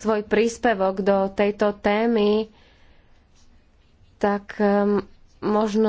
svoj príspevok do tejto témy, tak ehm, možno